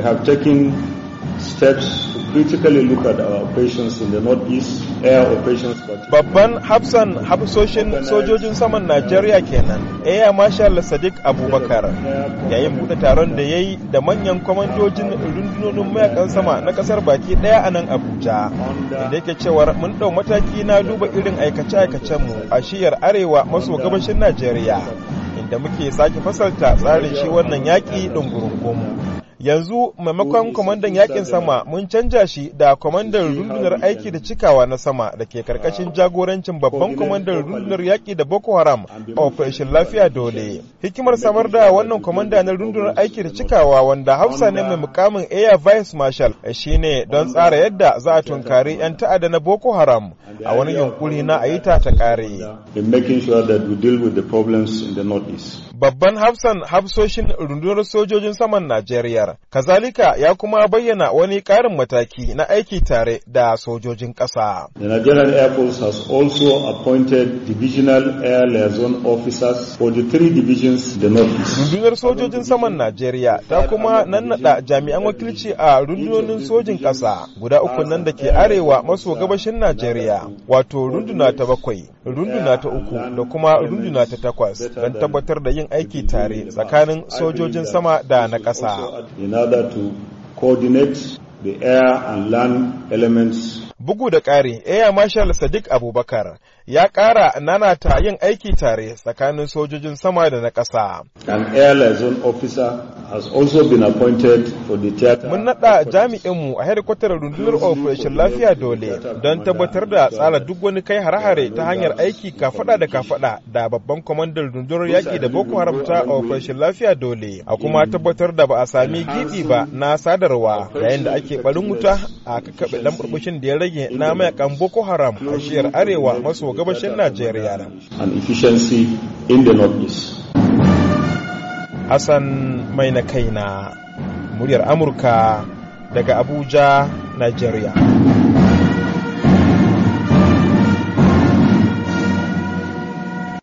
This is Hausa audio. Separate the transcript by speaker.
Speaker 1: we have taken steps to critically look at our operations in the northeast air operations babban hafsan hafsoshin sojojin saman najeriya kenan air marshal sadiq abubakar yayin bude taron da ya yi da manyan kwamandojin rundunonin mayakan sama na kasar baki daya a nan abuja inda yake cewar mun dau mataki na duba irin aikace aikacen mu a shiyar arewa maso gabashin najeriya inda muke sake fasalta tsarin shi wannan yaƙi mu yanzu maimakon kwamandan yakin sama mun canja shi da kwamandan rundunar aiki da cikawa na sama da ke karkashin ah. jagorancin babban kwamandan rundunar yaki da boko haram a operation lafiya dole hikimar samar da wannan kwamanda na rundunar aiki da cikawa wanda hausa ne mai mukamin air vice marshal eh, shine don tsara yadda za a tunkari 'yan ta'adda na boko haram a wani yunkuri na ayita ta kare babban hafsan hafsoshin rundunar sojojin saman najeriya kasar. Kazalika ya kuma bayyana wani ƙarin mataki na aiki tare da sojojin ƙasa. The Nigerian Air Force has also appointed divisional air liaison officers for the three divisions the North. Rundunar sojojin saman Najeriya ta kuma nannaɗa jami'an wakilci a rundunonin sojin ƙasa guda uku nan da ke arewa maso gabashin Najeriya wato runduna ta bakwai runduna ta uku da kuma runduna ta takwas don tabbatar da yin aiki tare tsakanin sojojin sama da na ƙasa. the air and land elements. Bugu da ƙari, Air Marshal Sadiq Abubakar ya ƙara nanata yin aiki tare tsakanin sojojin sama da na ƙasa. An air liaison officer has also been appointed Mun nada jami'inmu a hedikwatar rundunar Operation Lafiya Dole don tabbatar da tsara duk wani kai hare-hare ta hanyar aiki kafada da kafada da babban kwamandan rundunar yaƙi da Boko Haram ta Operation Lafiya Dole a kuma tabbatar da ba a sami gidi ba na sadarwa yayin da ake barin wuta a kakaɓe lamburbushin da ya rage na mayakan Boko Haram a shiyar arewa maso gabashin Najeriya. an efficiency in the northeast. Hassan mai na kai na, muryar Amurka daga Abuja, Najeriya.